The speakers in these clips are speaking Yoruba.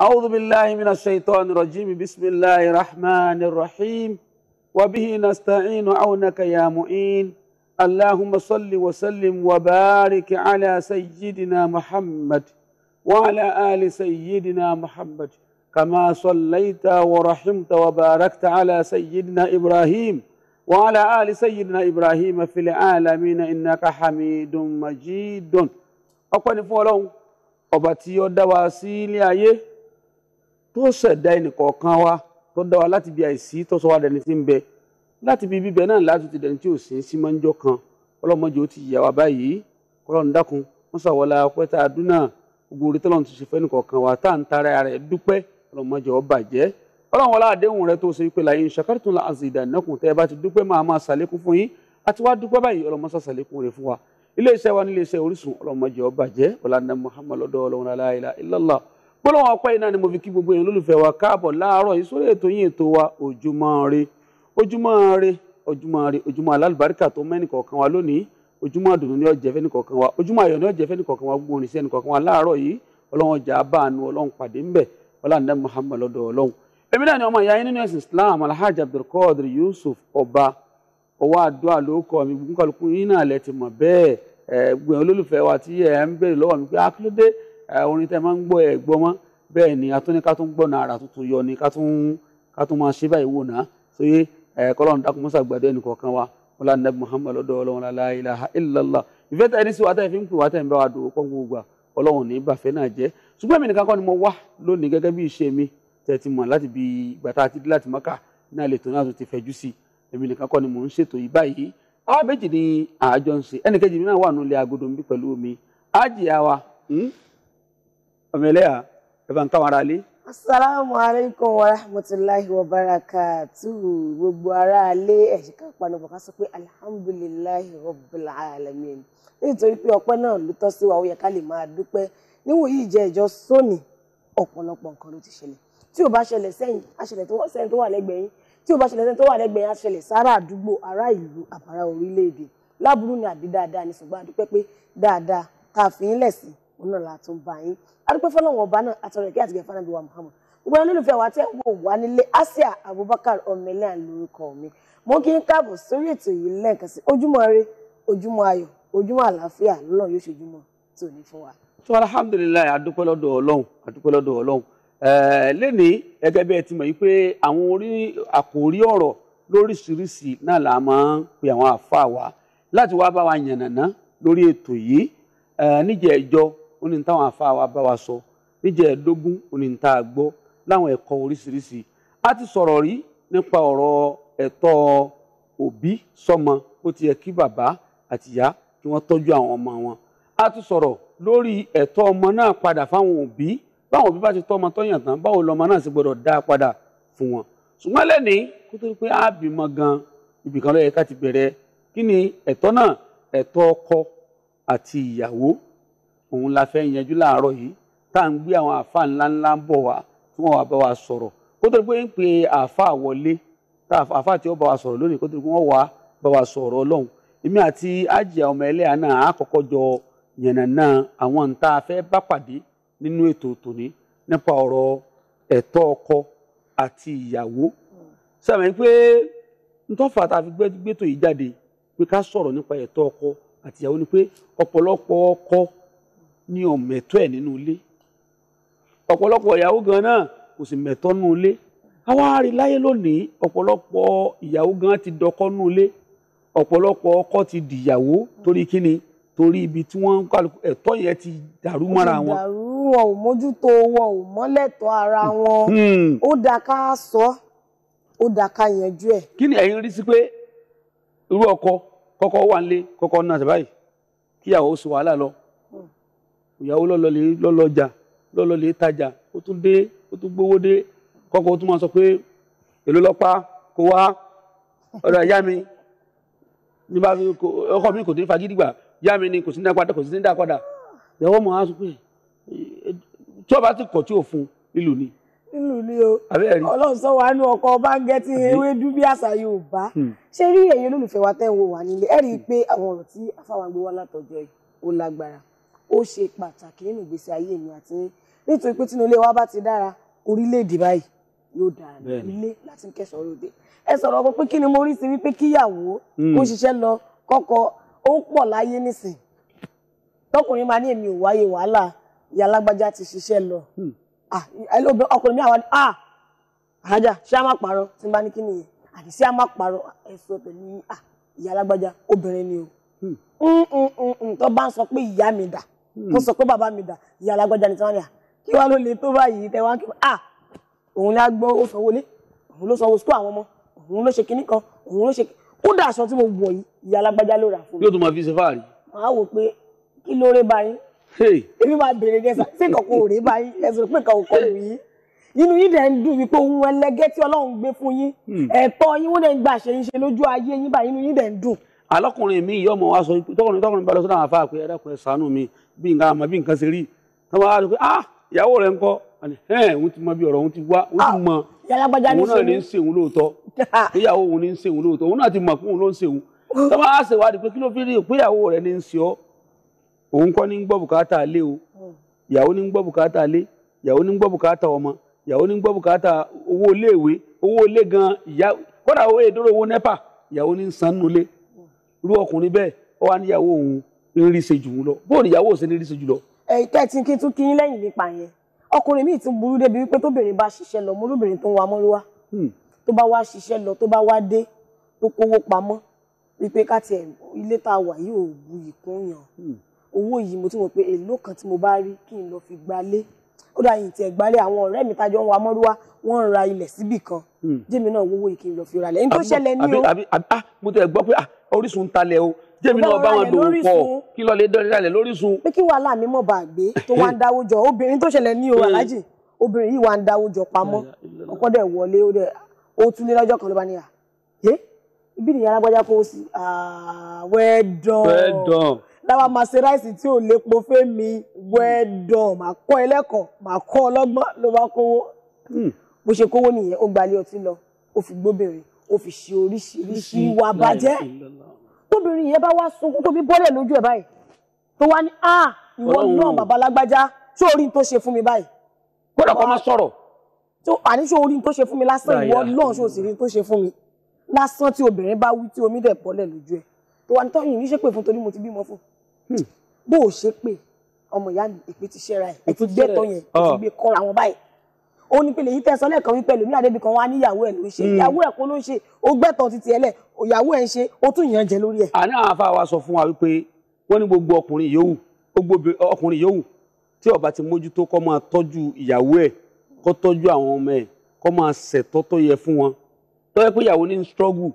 أعوذ بالله من الشيطان الرجيم بسم الله الرحمن الرحيم وبه نستعين عونك يا معين اللهم صل وسلم وبارك على سيدنا محمد وعلى آل سيدنا محمد كما صليت ورحمت وباركت على سيدنا إبراهيم وعلى آل سيدنا إبراهيم في العالمين إنك حميد مجيد أقول فولون أبتي يدوى سيلي أيه. tó ṣẹ̀dá ẹnìkọ̀ọ̀kan wa tó dá wa láti bí àìsí tó sọ wa dẹni tí ń bẹ láti bí bíbẹ náà láti ti dẹni tí ò sí sí máa ń jọ kan ọlọ́mọdé ó ti yà wá báyìí kọ́lọ́n dákun wọ́n ṣàwọlá pẹ́tà àdúnà gbogbo orí tọ́lọ́n ti ṣe fẹ́ nìkọ̀ọ̀kan wa tá à ń tara rẹ̀ dúpẹ́ ọlọ́mọdé ó bàjẹ́ ọlọ́run àdéhùn rẹ tó ṣe pé láyé ń ṣàkàtún la azidannakum tẹ́ ẹ bá ti dúpẹ́ máa máa ṣàlékún fún yín àti wá dúpẹ́ báyìí ọlọ́mọṣà ṣàlékún rẹ fún wa iléeṣẹ́ wa ní iléeṣẹ́ Orísun ọlọ́mọdé ó bàjẹ́ ọ̀làǹdà Muhammad lọ́dọ̀ gbólóhùn ọpẹ́ iná ni mo fi kí gbogbo èèyàn lólùfẹ́ wa káàbọ̀ láàárọ̀ eto sórí ètò yín ètò wa ojúmọ́ ire ojúmọ́ ire ojúmọ́ ire ojúmọ́ alálùbáríkà tó mẹ́nì kọ̀ọ̀kan wa lónìí ojúmọ́ àdùnnú ni gbogbo oníṣẹ́ nì kọ̀ọ̀kan wa láàárọ̀ yìí ọjà abáàánú ọlọ́run pàdé Yusuf ọba orin tẹ́ máa ń gbọ́ ẹ̀ gbọ́ mọ́ bẹ́ẹ̀ ni a tún ní ká tún gbọ́nà àrà tuntun yọ ni ká tún ká tún máa ṣe báyìí wò náà sóyè kọ́lọ́run dákun mọ́sá gbàdé ẹnì kọ̀ọ̀kan wa wọn là nàbí Muhammad lọ́dọ̀ ọlọ́run la ilaha ìfẹ́ tẹ́ ẹni sí wa tẹ́ fi ń pè wá tẹ́ ń bá wa dòwò pọ́n gbogbo ọlọ́run ní bàfẹ́ náà jẹ́ ṣùgbọ́n mi nìkan kọ́ ni mo wá lónìí gẹ́gẹ́ bí ìṣe mi tẹ́ ti mọ̀ láti bí bàtà àti dí láti mọ́kà náà lè tó náà tó ti fẹ̀jú sí èmi nìkan kọ́ ni mò ń ṣètò yìí báyìí àwọn méjì ni àjọ ń ṣe ẹnìkejì mi náà wà nílé agodo mi pẹ̀lú ọmọ ẹlẹ́yà ẹ bá ń káwọn ará lé. asalaamu alaykum wa rahmatulahi wa barakatuhu gbogbo ará alẹ́ ẹ̀ṣinká panubọ̀ ká sọ pé alihamudulilayi rabbil alamin nítorí pé ọpẹ́ náà ló tọ́ sí wa ó yẹ ká lè máa dúpẹ́ níwọ̀n yìí jẹ́ ìjọ sóní ọ̀pọ̀lọpọ̀ nǹkan ló ti ṣẹlẹ̀ tí ò bá ṣẹlẹ̀ sẹ́yìn aṣẹlẹ̀ tó wà lẹ́gbẹ̀ẹ́ yín tí ò bá ṣẹlẹ̀ sẹ́yìn tó wà lẹ́gbẹ̀ẹ́ yín aṣẹlẹ̀ sára àdúgbò ará ìlú àbárá orílẹ̀ láburú ni àbí dáadáa ni ṣùgbọ́n a pé dáadáa tá a òun náà la tún bá yín adúpẹ́ fọlọ́wọ́n ọba náà àtọ̀rọ̀ ìkẹ́ àtìgẹ́ fanabi wa Muhammad gbogbo àwọn olólùfẹ́ wa tẹ́ ń wò wá nílé Asia Abubakar ọmọlẹ́à lórúkọ mi mo kí n káàbọ̀ sórí ètò yìí lẹ́ẹ̀kan sí ojúmọ́ ire ojúmọ́ ayọ̀ ojúmọ́ àlàáfíà lọ́nà yóò ṣojúmọ́ tó ní fún wa. tó alhamdulilayi adúpẹ́ lọ́dọ̀ ọlọ́run adúpẹ́ lọ́dọ̀ ọlọ́run lẹ́ni gẹ́gẹ́ bí ẹ ti mọ̀ yìí pé wa láti wá bá wa yànnàná lórí ètò yìí níjẹ̀ẹ́jọ́ ó ní táwọn àfa wa bá wa sọ níjẹ̀ẹ́dógún ó ní tá a gbọ́ láwọn ẹ̀kọ́ oríṣiríṣi a ti sọ̀rọ̀ rí nípa ọ̀rọ̀ ẹ̀tọ́ òbí sọ́mọ ó ti yẹ kí bàbá àti ìyá kí wọ́n tọ́jú àwọn ọmọ wọn a ti sọ̀rọ̀ lórí ẹ̀tọ́ ọmọ náà padà fáwọn òbí báwọn òbí bá ti tọ́ ọmọ tọ́yàn tán báwo lọmọ náà sì gbọ́dọ̀ dá a padà fún wọn ṣùgbọ́n lẹ́nìí kó tó pé a bímọ gan ibìkan ló yẹ ká ti bẹ̀rẹ̀ kí ni ẹ̀tọ́ náà ẹ̀tọ́ ọkọ àti ìyàwó òun la fẹ́ yanjú láàárọ̀ yìí tá à ń gbé àwọn àfa ńláńlá ń bọ̀ wá tí wọ́n wà bá wa sọ̀rọ̀ kó tó di pé ń pe àfa wọlé tá àfa tí ó bá wa sọ̀rọ̀ lónìí kó tó di pé wọ́n wà bá wa sọ̀rọ̀ ọlọ́run èmi àti àjìyà ọmọ ẹlẹ́yà náà á kọ́kọ́ jọ yànnàná àwọn nǹta afẹ́ bá pàdé nínú ètò tòní nípa ọ̀rọ̀ ẹ̀tọ́ ọkọ àti ìyàwó sàmì pé ntọ́fà tá a fi gbẹ́tò yìí jáde pé ká sọ̀rọ̀ nípa ẹ̀tọ́ ọkọ àti ìyàwó ni pé ọ̀pọ̀lọpọ̀ ọkọ ní ò mẹ̀tọ́ ẹ̀ nínú ilé ọ̀pọ̀lọpọ̀ ìyàwó gan náà kò sì mẹ̀tọ́ nínú ilé àwa arí láyé lónìí ọ̀pọ̀lọpọ̀ ìyàwó gan ti dọkọ nínú ilé ọ̀pọ̀lọpọ̀ ọkọ ti dìyàwó torí kíni torí ibi tí wọ́n ń kálukú ẹ̀tọ́ yẹn ti dàrú mọ́ra wọn. dàrú wọn ò mójútó wọn ò mọ́lẹ̀tọ́ ara wọn hmm. ó dáa ká sọ ó dáa ká yanjú ẹ̀. kí ni ẹ̀yin rí sí pé irú ọkọ kọ́kọ́ wà nílé kọ́kọ́ náà ṣe kíyàwó sọ wàhálà lọ ìyàwó lọ́lọ́lẹ̀ lọ́lọ́jà lọ́lọ́lẹ̀ tajà ó tún dé ó tún gbówó dé kọ́kọ́ ó tún máa sọ pé èló lọ́pá kó wá ọ̀dọ̀ ìyá mi ní bá ọkọ mi kò ní fagídí gbà ìyá mi ni kò sí ní dápadà kò sí ní dápadà ìyàwó mọ̀ á sọ pé tí ọba ti kọ̀ tí ò fún ìlú ni nílùú ni o ọlọ́run sọ wà nú ọkọ̀ báńgẹ́tì ewédú bí àṣà Yorùbá hmm. ṣé rí èyí olólùfẹ́ wa tẹ́ ń wò wá nílé ẹ pé àwọn ọ̀rọ̀ tí afáwọn gbé wá yìí ó lágbára ó ṣe pàtàkì nínú ìgbésí ayé mi àti yín nítorí pé tínú ilé wa bá ti dára orílẹ̀-èdè báyìí yóò dára ní ilé láti ń kẹsàn-án lóde ẹ sọ̀rọ̀ ọkọ pé kí ni mo rí sí wípé kíyàwó hmm. ó ṣiṣẹ́ lọ kọ́kọ́ ó ń pọ̀ láyé nísìn tọkùnrin máa ní èmi ò wáyé wàhálà ìyá ti ṣiṣẹ́ lọ hmm. ah, ọkùnrin mi àwọn ah àhájà ṣé a máa pààrọ̀ tí n bá ní kí nìyẹn àti ṣé a máa pààrọ̀ ẹ̀sùn ọ̀tẹ̀ ní obìnrin ni o hmm. mm, mm, mm, tó bá ń sọ pé ìyá mi dà Hmm. mo sọ pé bàbá mi dà ìyá alágbájá ni tí wọ́n ní à kí wàá ló le tó báyìí tẹ wá kí à òun ni a gbọ́ ó sanwó lé òun ló sanwó sukú àwọn ọmọ òun ló ṣe kinní kan òun ló ṣe kódà aṣọ tí mo wọ̀ yìí ìyá alágbájá ló rà fún mi. yóò tún máa fi ṣe fáàrí. màá wò pé kí ló ré báyìí èmi máa bèrè dẹ́sà sí kankan ò ré báyìí ẹ̀sùn pé kankan kọ́ lù yìí inú yín dẹ̀ ń dùn wípé ohun ẹlẹgẹ́ tí Ọlọ́run gbé fún yín hmm. ẹ̀tọ́ yín wọ́n dẹ̀ ń gbà ṣe ń ṣe lójú ayé yín báyìí inú yín dẹ̀ ń dùn alọ́kùnrin mi yọ ọmọ wa sọ tọkùnrin tọkùnrin bá lọ sọ́dọ̀ àwọn afá pé ẹ̀dàkùnrin ṣàánú mi bí nǹkan àmọ́ bí nǹkan ṣe rí tọ́ bá wà lọ pé ah ìyàwó rẹ̀ ń kọ́ ẹ̀ òun ti mọ bí ọ̀rọ̀ òun ti wá òun ti ah, mọ òun náà ní ń ṣe òun lóòótọ́ ah. ìyàwó òun ní ń ṣe òun lóòótọ́ òun náà ti mọ̀ pé òun ló ń ṣe òun tọ́ bá wà ṣèwádìí pé kí ló fi rí pé ìyàwó rẹ̀ ní ń ṣe ọ́ òun kọ́ ní gbọ́ bùkátà ilé irú ọkùnrin bẹ́ẹ̀ ó wá níyàwó òun ń rí ṣe jù ú lọ bóun níyàwó òun ṣe ní rí ṣe jù lọ. ẹ tẹ́ ti kí n tún kí yín lẹ́yìn nípa yẹn ọkùnrin míì tún burú débi wípé tóbìnrin bá ṣiṣẹ́ lọ mọ́lúbìnrin tó ń wa mọ́lúwá hmm. tó bá wá ṣiṣẹ́ lọ tó bá wá dé tó kówó pamọ́ wípé ká tiẹ̀ ilé tá a wà yìí ò bu ìkún yàn hmm. owó yìí mo ti mọ̀ pé èlò kan tí mo bá rí kí n lọ fi gbalé ó dà yìí tiẹ̀ gbalé àwọn ọ̀rẹ́ mi tájọ́ ń wa mọ́lúwá wọ́n ń ra ilẹ̀ síbì kan hmm. jẹ́mi náà owó yìí kí n lọ fi ra ilẹ̀ ní tó ṣẹlẹ̀ ní o. Ah, mo tẹ̀ gbọ́ pé ah, Orísun talẹ̀ o jẹ́mi náà bá wọn dòwò pọ̀ kí lọ lè dọ́lẹ̀ lórísun. pé kí wàhálà mi mọ̀ bá gbé tó wá ń dáwó jọ obìnrin tó ṣẹlẹ̀ ní o aláàjì obìnrin yìí wá ń dáwó jọ pamọ́ ọkọ dẹ̀ wọlé ó dẹ̀ ó tún lé lọ́jọ́ kan ló bá ní à yé ibi nìyẹn alágbájá kó o sí wẹ́ẹ̀dàn láwa máa ṣe ráìsì tí ò lépo fẹ́ mi wẹ́ẹ̀dàn máa kọ́ ẹlẹ́kọ̀ọ́ máa kọ́ ọlọ́gbọ́n ló bá kówó hmm. bó ṣe kówó nìyẹn ó gbalé ọtí lọ ó fi gbóbìnrin ó fi ṣe oríṣiríṣi ìwà àbàjẹ́ tóbìnrin yẹn bá wá sunkún tóbi bọ́lẹ̀ lójú ẹ̀ báyìí tó wá ní à ah, ìwọ náà babalágbájá tó orí tó ṣe fún mi báyìí. kódà kó má sọ̀rọ̀. tó àní tó orí tó ṣe fún mi lásán ìwọ náà ṣó sì rí tó ṣe fún mi lásán tí obìnrin bá wí tí omi dẹ̀ bọ́lẹ̀ lójú ẹ̀ tó wá ní tọ́yìn ní ṣépè fún torí mo ti bímọ fún. Hmm. bó o ṣépè ọmọ ìyá mi ìpè ti ṣẹ́ra ẹ̀ ẹ̀ ti gbẹ́tọ̀ yẹn ẹ̀ ti ah. gbé kọ́ra wọn báyìí ó ní pẹ̀lẹ́ yìí tẹsán lẹ́ẹ̀kan wípé ẹlòmí àdébì kan wá níyàwó ẹ ló ń ṣe hmm. ìyàwó ẹ kó ló ń ṣe ó gbẹtọ títí ẹlẹ ìyàwó ẹ ń ṣe ó tún yàn jẹ lórí ẹ. àní àwọn afá wa sọ fún wa wípé wọn ní gbogbo ọkùnrin yòówù gbogbo ọkùnrin yòówù tí ó bá ti mójútó kó máa tọ́jú ìyàwó ẹ kó tọ́jú àwọn ọmọ ẹ kó máa ṣètọ́ tó struggle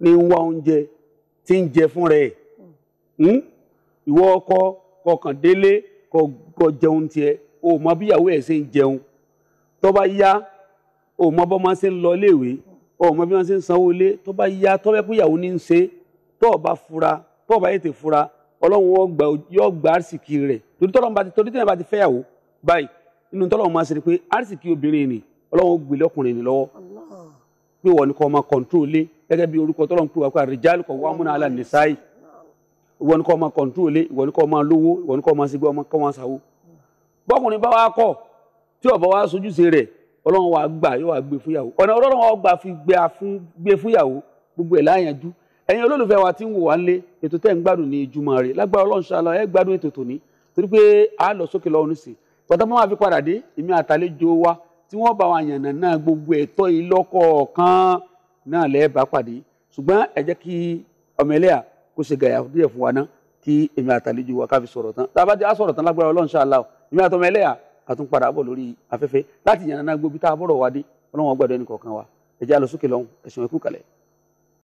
ní ń wá oúnjẹ tí ń jẹ fún rẹ ìwọ o mọ bí ìyàwó ẹ tó bá yá o mọ bọ́ máa ṣe ń lọ iléèwé o mọ bí wọ́n ṣe ń sanwó ilé tó bá yá tó bá kúyàwó ní í ṣe tó o bá fura tó o bá yètè fura ọlọ́run yóò gba àrísìkì rẹ̀ torí tọ́lọ́run bá ti torí tẹ́lẹ̀ bá ti fẹ́yàwó báyìí inú tọ́lọ́run máa ṣe ni pé àrísìkì obìnrin ni ọlọ́run gbé lọ́kùnrin ni lọ́wọ́ pé wọ́n ní kọ́ máa kọ̀ǹtúrò lé gẹ́gẹ́ bí orúkọ tọ́lọ́run pé wà pé àrèjálù kọ̀ wá múná àlà nìsáyì ìwọ ní kọ́ máa kọ̀ǹtúrò lé ìwọ ní kọ́ máa lówó ìwọ ní kọ́ máa ṣe gbọ́ ọmọ kọ́ máa ṣàwó bọ́kùnrin bá wá kọ́ tí ọ̀bọ wa sojúṣe rẹ̀ ọlọ́run wa gbà yóò wá gbé fúyàwó ọ̀nà ọlọ́run wa gbà fi gbé fúyàwó gbogbo ẹ̀ láyànjú ẹ̀yin olólùfẹ́ wa tí ń wò wá lé ètò tẹ́ ń gbádùn ní ìjùmọ̀ rẹ̀ lágbára ọlọ́run ṣàlọ́ ẹ gbádùn ètò tòní torí pé a lọ sókè lọ́wọ́ nísìn tọ́tà máa fi padà dé èmi àtàlejò wa tí wọ́n bá wa yànnà náà gbogbo ẹ̀tọ́ ìlọ́kọ̀ọ̀kan náà lẹ́ẹ̀ bá pàdé ṣùgbọ́n ẹ jẹ́ kí ọmọ ẹlẹ́yà kó ṣe gàyà díẹ̀ fún wa ná kí èmi àtàlejò wa ká sọ̀rọ̀ tán tá a bá ti á sọ̀rọ̀ tán lágbára ọlọ́run ṣàlọ́ èmi àtọmọ ẹlẹ́yà àtún padà bọ̀ lórí afẹ́fẹ́ láti yànnàná gbogbo tá a bọ̀rọ̀ wá dé ọlọ́run ọgbàdo ẹnì kọ̀ọ̀kan wa ẹ̀jẹ̀ á lọ sókè lọ́hùn ẹ̀sùn ẹ̀kú kalẹ̀.